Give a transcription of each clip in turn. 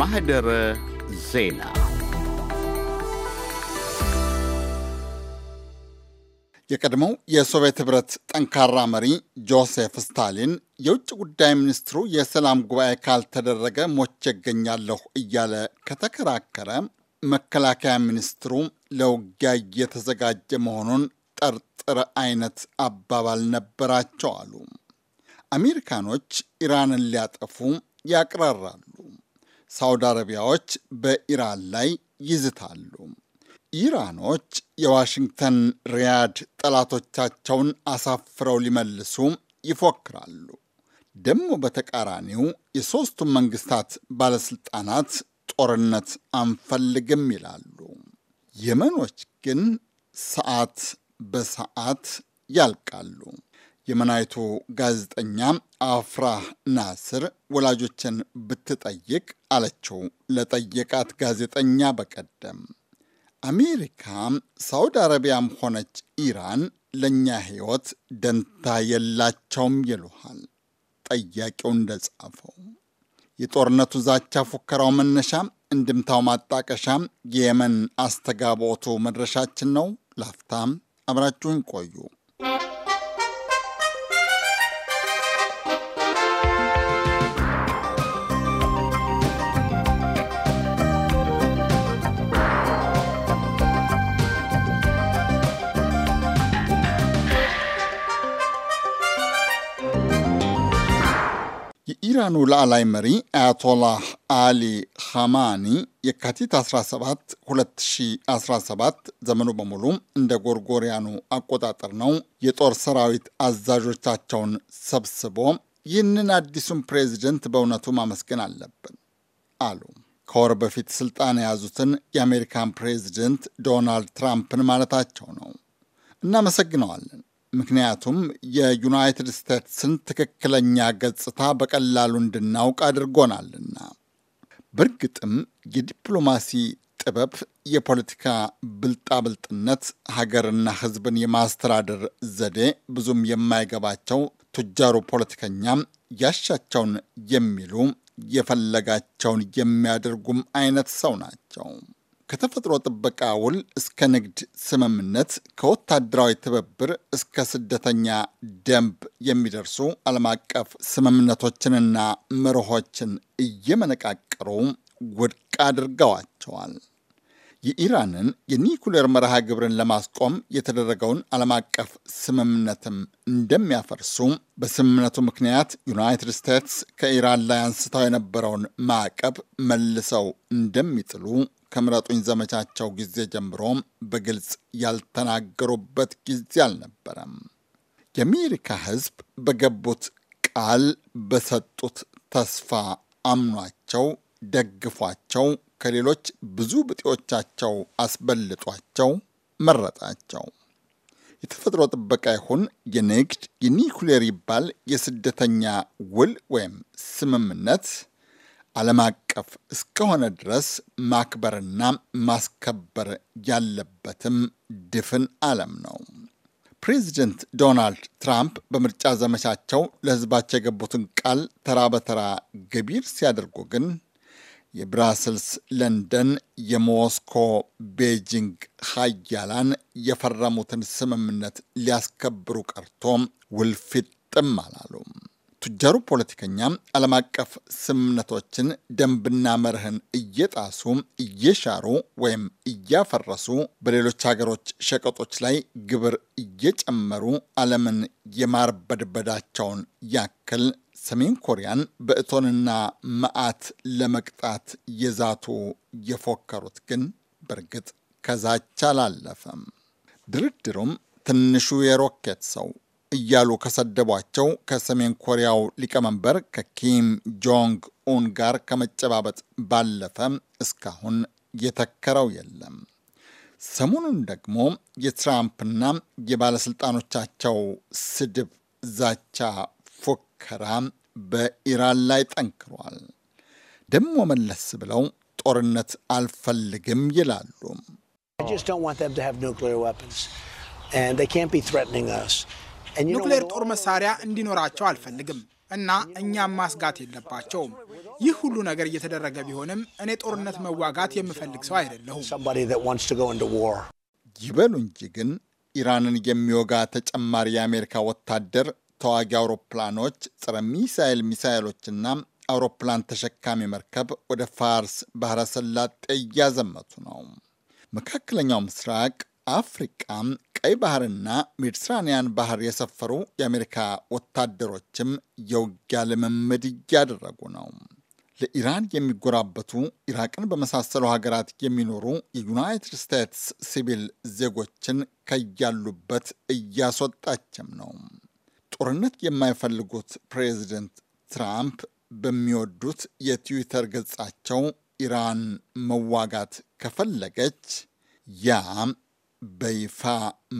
ማህደረ ዜና የቀድሞው የሶቪየት ህብረት ጠንካራ መሪ ጆሴፍ ስታሊን የውጭ ጉዳይ ሚኒስትሩ የሰላም ጉባኤ ካልተደረገ ሞቼ እገኛለሁ እያለ ከተከራከረ መከላከያ ሚኒስትሩ ለውጊያ እየተዘጋጀ መሆኑን ጠርጥር አይነት አባባል ነበራቸው አሉ። አሜሪካኖች ኢራንን ሊያጠፉ ያቅራራሉ። ሳውዲ አረቢያዎች በኢራን ላይ ይዝታሉ። ኢራኖች የዋሽንግተን ሪያድ ጠላቶቻቸውን አሳፍረው ሊመልሱ ይፎክራሉ። ደግሞ በተቃራኒው የሦስቱም መንግስታት ባለሥልጣናት ጦርነት አንፈልግም ይላሉ። የመኖች ግን ሰዓት በሰዓት ያልቃሉ። የመናይቱ ጋዜጠኛ አፍራህ ናስር ወላጆችን ብትጠይቅ አለችው ለጠየቃት ጋዜጠኛ በቀደም። አሜሪካ፣ ሳውዲ አረቢያም ሆነች ኢራን ለእኛ ህይወት ደንታ የላቸውም ይሉሃል። ጠያቂው እንደጻፈው የጦርነቱ ዛቻ ፉከራው መነሻ እንድምታው ማጣቀሻም የየመን አስተጋቦቱ መድረሻችን ነው። ላፍታም አብራችሁን ቆዩ። የኢራኑ ላዕላይ መሪ አያቶላህ አሊ ኻማኒ የካቲት 17 2017 ዘመኑ በሙሉ እንደ ጎርጎሪያኑ አቆጣጠር ነው የጦር ሰራዊት አዛዦቻቸውን ሰብስቦ ይህንን አዲሱን ፕሬዚደንት በእውነቱ ማመስገን አለብን አሉ። ከወር በፊት ስልጣን የያዙትን የአሜሪካን ፕሬዚደንት ዶናልድ ትራምፕን ማለታቸው ነው። እናመሰግነዋለን ምክንያቱም የዩናይትድ ስቴትስን ትክክለኛ ገጽታ በቀላሉ እንድናውቅ አድርጎናልና። በእርግጥም የዲፕሎማሲ ጥበብ የፖለቲካ ብልጣብልጥነት፣ ሀገርና ሕዝብን የማስተዳደር ዘዴ ብዙም የማይገባቸው ቱጃሩ ፖለቲከኛም ያሻቸውን የሚሉ የፈለጋቸውን የሚያደርጉም አይነት ሰው ናቸው። ከተፈጥሮ ጥበቃ ውል እስከ ንግድ ስምምነት ከወታደራዊ ትብብር እስከ ስደተኛ ደንብ የሚደርሱ ዓለም አቀፍ ስምምነቶችንና መርሆችን እየመነቃቀሩ ውድቅ አድርገዋቸዋል። የኢራንን የኒኩሌር መርሃ ግብርን ለማስቆም የተደረገውን ዓለም አቀፍ ስምምነትም እንደሚያፈርሱ በስምምነቱ ምክንያት ዩናይትድ ስቴትስ ከኢራን ላይ አንስተው የነበረውን ማዕቀብ መልሰው እንደሚጥሉ ከምረጡኝ ዘመቻቸው ጊዜ ጀምሮ በግልጽ ያልተናገሩበት ጊዜ አልነበረም። የአሜሪካ ሕዝብ በገቡት ቃል በሰጡት ተስፋ አምኗቸው ደግፏቸው ከሌሎች ብዙ ብጤዎቻቸው አስበልጧቸው መረጣቸው። የተፈጥሮ ጥበቃ ይሁን የንግድ፣ የኒኩሌር ይባል የስደተኛ ውል ወይም ስምምነት ዓለም አቀፍ እስከሆነ ድረስ ማክበርና ማስከበር ያለበትም ድፍን ዓለም ነው። ፕሬዚደንት ዶናልድ ትራምፕ በምርጫ ዘመቻቸው ለሕዝባቸው የገቡትን ቃል ተራ በተራ ገቢር ሲያደርጉ ግን የብራስልስ፣ ለንደን፣ የሞስኮ፣ ቤጂንግ ሀያላን የፈረሙትን ስምምነት ሊያስከብሩ ቀርቶ ውልፊጥም አላሉ። ቱጃሩ ፖለቲከኛ ዓለም አቀፍ ስምምነቶችን ደንብና መርህን እየጣሱ እየሻሩ ወይም እያፈረሱ በሌሎች ሀገሮች ሸቀጦች ላይ ግብር እየጨመሩ ዓለምን የማርበድበዳቸውን ያክል ሰሜን ኮሪያን በእቶንና መዓት ለመቅጣት የዛቱ የፎከሩት ግን በእርግጥ ከዛች አላለፈም። ድርድሩም ትንሹ የሮኬት ሰው እያሉ ከሰደቧቸው ከሰሜን ኮሪያው ሊቀመንበር ከኪም ጆንግ ኡን ጋር ከመጨባበጥ ባለፈ እስካሁን የተከረው የለም። ሰሞኑን ደግሞ የትራምፕና የባለሥልጣኖቻቸው ስድብ፣ ዛቻ፣ ፉከራ በኢራን ላይ ጠንክሯል። ደግሞ መለስ ብለው ጦርነት አልፈልግም ይላሉ። ኑክሌር ጦር መሳሪያ እንዲኖራቸው አልፈልግም እና እኛም ማስጋት የለባቸውም። ይህ ሁሉ ነገር እየተደረገ ቢሆንም እኔ ጦርነት መዋጋት የምፈልግ ሰው አይደለሁም። ይበሉ እንጂ ግን ኢራንን የሚወጋ ተጨማሪ የአሜሪካ ወታደር ተዋጊ አውሮፕላኖች፣ ጸረ ሚሳይል ሚሳይሎችና አውሮፕላን ተሸካሚ መርከብ ወደ ፋርስ ባህረ ሰላጤ እያዘመቱ ነው። መካከለኛው ምስራቅ፣ አፍሪቃ፣ ቀይ ባህርና ሜዲትራኒያን ባህር የሰፈሩ የአሜሪካ ወታደሮችም የውጊያ ልምምድ እያደረጉ ነው። ለኢራን የሚጎራበቱ ኢራቅን በመሳሰሉ ሀገራት የሚኖሩ የዩናይትድ ስቴትስ ሲቪል ዜጎችን ከያሉበት እያስወጣችም ነው። ጦርነት የማይፈልጉት ፕሬዚደንት ትራምፕ በሚወዱት የትዊተር ገጻቸው ኢራን መዋጋት ከፈለገች ያ በይፋ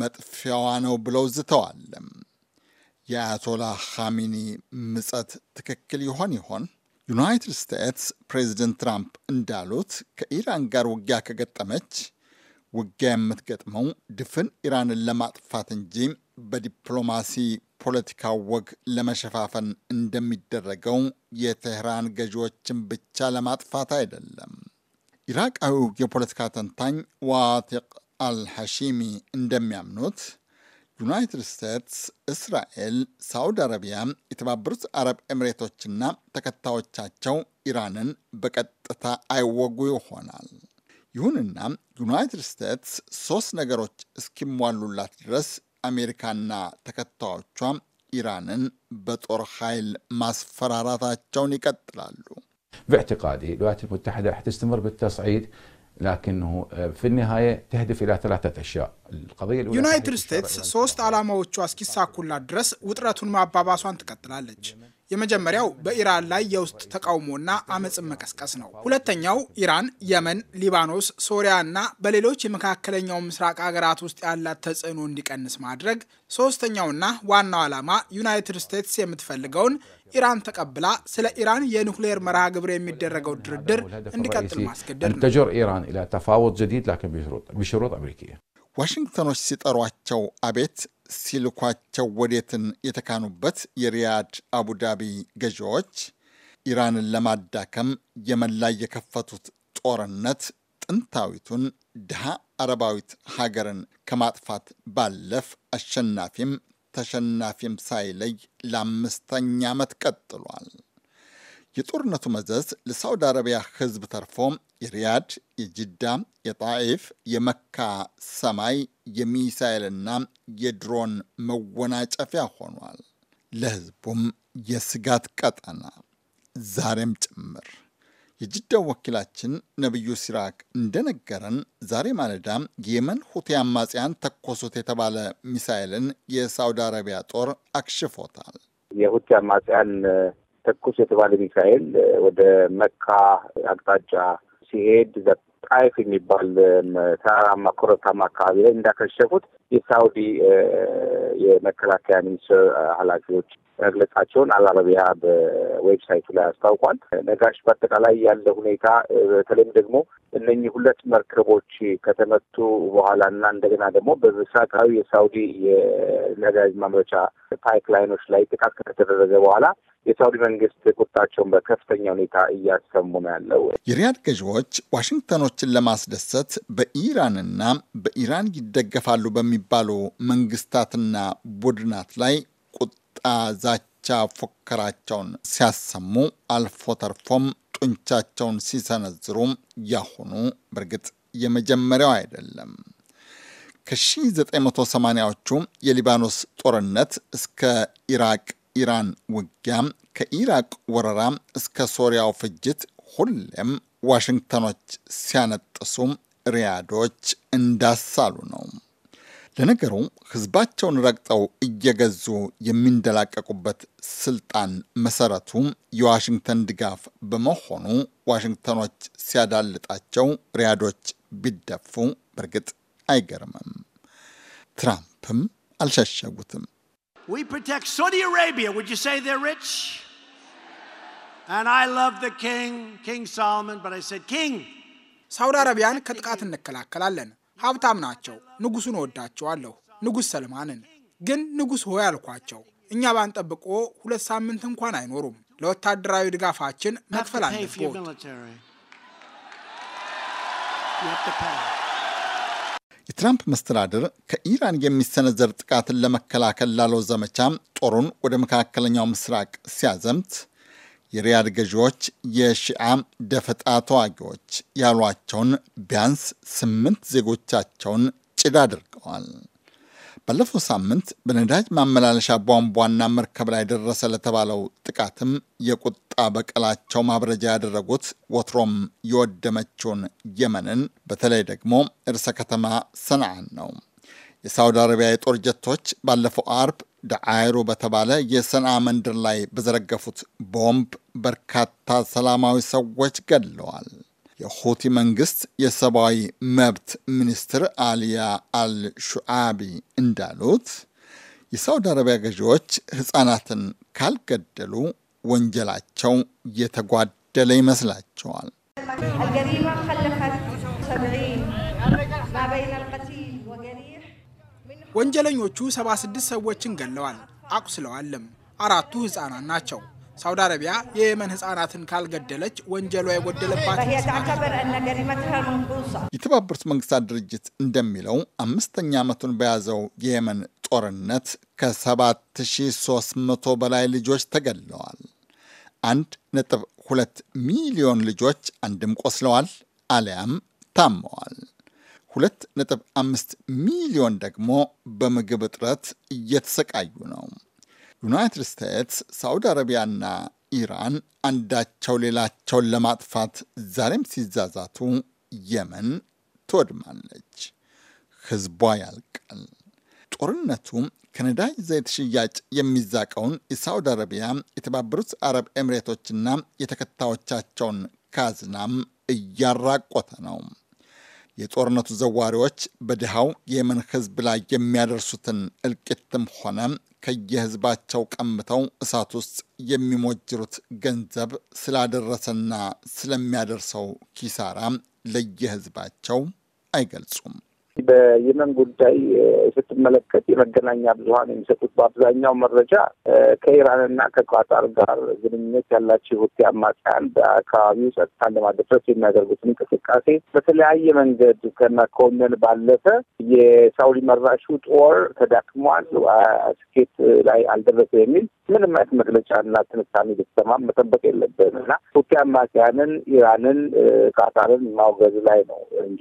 መጥፊያዋ ነው ብለው ዝተዋል። የአያቶላ ኻሚኒ ምጸት ትክክል ይሆን ይሆን? ዩናይትድ ስቴትስ ፕሬዚደንት ትራምፕ እንዳሉት ከኢራን ጋር ውጊያ ከገጠመች ውጊያ የምትገጥመው ድፍን ኢራንን ለማጥፋት እንጂ በዲፕሎማሲ የፖለቲካ ወግ ለመሸፋፈን እንደሚደረገው የቴህራን ገዢዎችን ብቻ ለማጥፋት አይደለም። ኢራቃዊው የፖለቲካ ተንታኝ ዋቲቅ አልሐሺሚ እንደሚያምኑት ዩናይትድ ስቴትስ፣ እስራኤል፣ ሳውዲ አረቢያ፣ የተባበሩት አረብ ኤምሬቶችና ተከታዮቻቸው ኢራንን በቀጥታ አይወጉ ይሆናል። ይሁንና ዩናይትድ ስቴትስ ሶስት ነገሮች እስኪሟሉላት ድረስ አሜሪካና ተከታዮቿ ኢራንን በጦር ኃይል ማስፈራራታቸውን ይቀጥላሉ። باعتقادي الولايات المتحدة تستمر بالتصعيد لكنه في النهاية تهدف إلى ثلاثة أشياء القضية الأولى ما وتشواسكي ساكولا درس እስኪሳኩላት ድረስ ውጥረቱን ማባባሷን ትቀጥላለች። የመጀመሪያው በኢራን ላይ የውስጥ ተቃውሞና አመፅን መቀስቀስ ነው። ሁለተኛው ኢራን፣ የመን፣ ሊባኖስ፣ ሶሪያ እና በሌሎች የመካከለኛው ምስራቅ ሀገራት ውስጥ ያላት ተጽዕኖ እንዲቀንስ ማድረግ። ሶስተኛውና ዋናው ዓላማ ዩናይትድ ስቴትስ የምትፈልገውን ኢራን ተቀብላ ስለ ኢራን የኒውክሌር መርሃ ግብር የሚደረገው ድርድር እንዲቀጥል ማስገደድ ነው። ዋሽንግተኖች ሲጠሯቸው አቤት ሲልኳቸው ወዴትን የተካኑበት የሪያድ አቡዳቢ ገዢዎች ኢራንን ለማዳከም የመን ላይ የከፈቱት ጦርነት ጥንታዊቱን ድሃ አረባዊት ሀገርን ከማጥፋት ባለፍ አሸናፊም ተሸናፊም ሳይለይ ለአምስተኛ ዓመት ቀጥሏል። የጦርነቱ መዘዝ ለሳውዲ አረቢያ ሕዝብ ተርፎ የሪያድ፣ የጅዳ፣ የጣይፍ፣ የመካ ሰማይ የሚሳይልና የድሮን መወናጨፊያ ሆኗል። ለህዝቡም የስጋት ቀጠና ዛሬም ጭምር። የጅዳው ወኪላችን ነቢዩ ሲራክ እንደነገረን ዛሬ ማለዳ የየመን ሁቴ አማጽያን ተኮሱት የተባለ ሚሳይልን የሳውዲ አረቢያ ጦር አክሽፎታል። የሁቴ አማጽያን ተኩስ የተባለ ሚሳኤል ወደ መካ አቅጣጫ ሲሄድ ዘጣይፍ የሚባል ተራራማ ኮረብታማ አካባቢ ላይ እንዳከሸፉት የሳውዲ የመከላከያ ሚኒስትር ኃላፊዎች መግለጻቸውን አልአረቢያ በዌብሳይቱ ላይ አስታውቋል። ነጋሽ በአጠቃላይ ያለ ሁኔታ በተለይም ደግሞ እነኚህ ሁለት መርከቦች ከተመቱ በኋላ እና እንደገና ደግሞ በምስራቃዊ የሳውዲ የነዳጅ ማምረቻ ፓይፕላይኖች ላይ ጥቃት ከተደረገ በኋላ የሳውዲ መንግስት ቁጣቸውን በከፍተኛ ሁኔታ እያሰሙ ነው ያለው። የሪያድ ገዢዎች ዋሽንግተኖችን ለማስደሰት በኢራንና በኢራን ይደገፋሉ በሚባሉ መንግስታትና ቡድናት ላይ ዛቻ ፉከራቸውን ሲያሰሙ አልፎ ተርፎም ጡንቻቸውን ሲሰነዝሩ ያሁኑ በእርግጥ የመጀመሪያው አይደለም። ከ1980ዎቹ የሊባኖስ ጦርነት እስከ ኢራቅ ኢራን ውጊያ፣ ከኢራቅ ወረራ እስከ ሶሪያው ፍጅት ሁሌም ዋሽንግተኖች ሲያነጥሱ ሪያዶች እንዳሳሉ ነው። ለነገሩ ህዝባቸውን ረግጠው እየገዙ የሚንደላቀቁበት ስልጣን መሰረቱ የዋሽንግተን ድጋፍ በመሆኑ ዋሽንግተኖች ሲያዳልጣቸው ሪያዶች ቢደፉ በእርግጥ አይገርምም። ትራምፕም አልሸሸጉትም። ሳውዲ አረቢያን ከጥቃት እንከላከላለን ሀብታም ናቸው። ንጉሱን ወዳቸዋለሁ፣ ንጉሥ ሰልማንን ግን ንጉሥ ሆይ አልኳቸው፣ እኛ ባንጠብቆ ሁለት ሳምንት እንኳን አይኖሩም። ለወታደራዊ ድጋፋችን መክፈል አለብዎት። የትራምፕ መስተዳድር ከኢራን የሚሰነዘር ጥቃትን ለመከላከል ላለው ዘመቻ ጦሩን ወደ መካከለኛው ምስራቅ ሲያዘምት የሪያድ ገዢዎች የሺአ ደፈጣ ተዋጊዎች ያሏቸውን ቢያንስ ስምንት ዜጎቻቸውን ጭድ አድርገዋል። ባለፈው ሳምንት በነዳጅ ማመላለሻ ቧንቧና መርከብ ላይ ደረሰ ለተባለው ጥቃትም የቁጣ በቀላቸው ማብረጃ ያደረጉት ወትሮም የወደመችውን የመንን በተለይ ደግሞ እርሰ ከተማ ሰንዓን ነው። የሳውዲ አረቢያ የጦር ጀቶች ባለፈው አርብ ዳአይሮ በተባለ የሰንአ መንደር ላይ በዘረገፉት ቦምብ በርካታ ሰላማዊ ሰዎች ገድለዋል። የሁቲ መንግስት የሰብአዊ መብት ሚኒስትር አሊያ አልሹዓቢ እንዳሉት የሳውዲ አረቢያ ገዢዎች ሕፃናትን ካልገደሉ ወንጀላቸው የተጓደለ ይመስላቸዋል። ወንጀለኞቹ 76 ሰዎችን ገለዋል፣ አቁስለዋልም። አራቱ ህፃናት ናቸው። ሳውዲ አረቢያ የየመን ህጻናትን ካልገደለች ወንጀሏ የጎደለባት። የተባበሩት መንግስታት ድርጅት እንደሚለው አምስተኛ ዓመቱን በያዘው የየመን ጦርነት ከ7300 በላይ ልጆች ተገለዋል። አንድ ነጥብ ሁለት ሚሊዮን ልጆች አንድም ቆስለዋል አሊያም ታመዋል። 2.5 ሚሊዮን ደግሞ በምግብ እጥረት እየተሰቃዩ ነው። ዩናይትድ ስቴትስ፣ ሳዑዲ አረቢያና ኢራን አንዳቸው ሌላቸውን ለማጥፋት ዛሬም ሲዛዛቱ የመን ትወድማለች፣ ህዝቧ ያልቃል። ጦርነቱ ከነዳጅ ዘይት ሽያጭ የሚዛቀውን የሳውዲ አረቢያ፣ የተባበሩት አረብ ኤምሬቶችና የተከታዮቻቸውን ካዝናም እያራቆተ ነው። የጦርነቱ ዘዋሪዎች በድሃው የመን ህዝብ ላይ የሚያደርሱትን እልቂትም ሆነ ከየህዝባቸው ቀምተው እሳት ውስጥ የሚሞጅሩት ገንዘብ ስላደረሰና ስለሚያደርሰው ኪሳራ ለየህዝባቸው አይገልጹም። በየመን ጉዳይ ስትመለከት የመገናኛ ብዙኃን የሚሰጡት በአብዛኛው መረጃ ከኢራንና ከቋጣር ጋር ግንኙነት ያላቸው ሁቲ አማጽያን በአካባቢው ጸጥታን ለማደፍረስ የሚያደርጉት እንቅስቃሴ በተለያየ መንገድ ከመኮነን ባለፈ የሳውዲ መራሹ ጦር ተዳክሟል፣ ስኬት ላይ አልደረሰ የሚል ምንም አይነት መግለጫና ትንታኔ ልትሰማ መጠበቅ የለብን እና ሁቲ አማጽያንን፣ ኢራንን፣ ቃጣርን ማውገዝ ላይ ነው እንጂ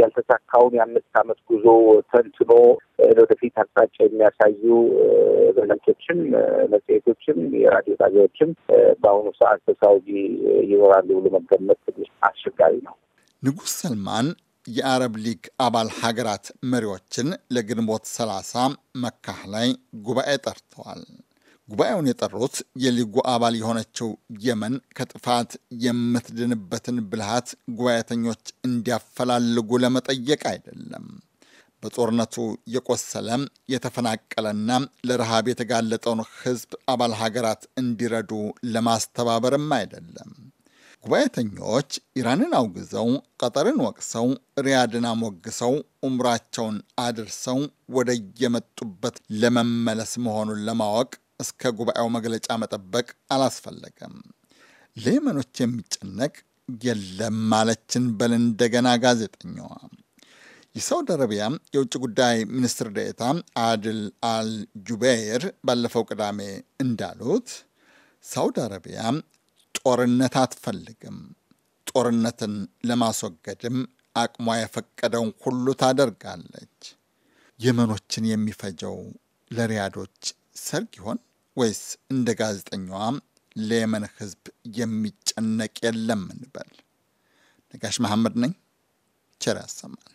ያልተሳካውን ያነ የሁለት ዓመት ጉዞ ተንትኖ ለወደፊት አቅጣጫ የሚያሳዩ መለክቶችም መጽሔቶችም፣ የራዲዮ ጣቢያዎችም በአሁኑ ሰዓት በሳውዲ ይኖራሉ ብሎ መገመት ትንሽ አስቸጋሪ ነው። ንጉሥ ሰልማን የአረብ ሊግ አባል ሀገራት መሪዎችን ለግንቦት ሰላሳ መካህ ላይ ጉባኤ ጠርተዋል። ጉባኤውን የጠሩት የሊጉ አባል የሆነችው የመን ከጥፋት የምትድንበትን ብልሃት ጉባኤተኞች እንዲያፈላልጉ ለመጠየቅ አይደለም። በጦርነቱ የቆሰለ የተፈናቀለና ለረሃብ የተጋለጠውን ሕዝብ አባል ሀገራት እንዲረዱ ለማስተባበርም አይደለም። ጉባኤተኞች ኢራንን አውግዘው፣ ቀጠርን ወቅሰው፣ ሪያድን አሞግሰው፣ ኡምራቸውን አድርሰው ወደ የመጡበት ለመመለስ መሆኑን ለማወቅ እስከ ጉባኤው መግለጫ መጠበቅ አላስፈለገም። ለየመኖች የሚጨነቅ የለም ማለችን በል እንደገና ጋዜጠኛዋ። የሳውዲ አረቢያ የውጭ ጉዳይ ሚኒስትር ዴኤታ አድል አል ጁቤይር ባለፈው ቅዳሜ እንዳሉት ሳውዲ አረቢያ ጦርነት አትፈልግም፣ ጦርነትን ለማስወገድም አቅሟ የፈቀደውን ሁሉ ታደርጋለች። የመኖችን የሚፈጀው ለሪያዶች ሰርግ ይሆን? ወይስ እንደ ጋዜጠኛዋ ለየመን ህዝብ የሚጨነቅ የለም እንበል? ነጋሽ መሐመድ ነኝ። ቸር ያሰማን።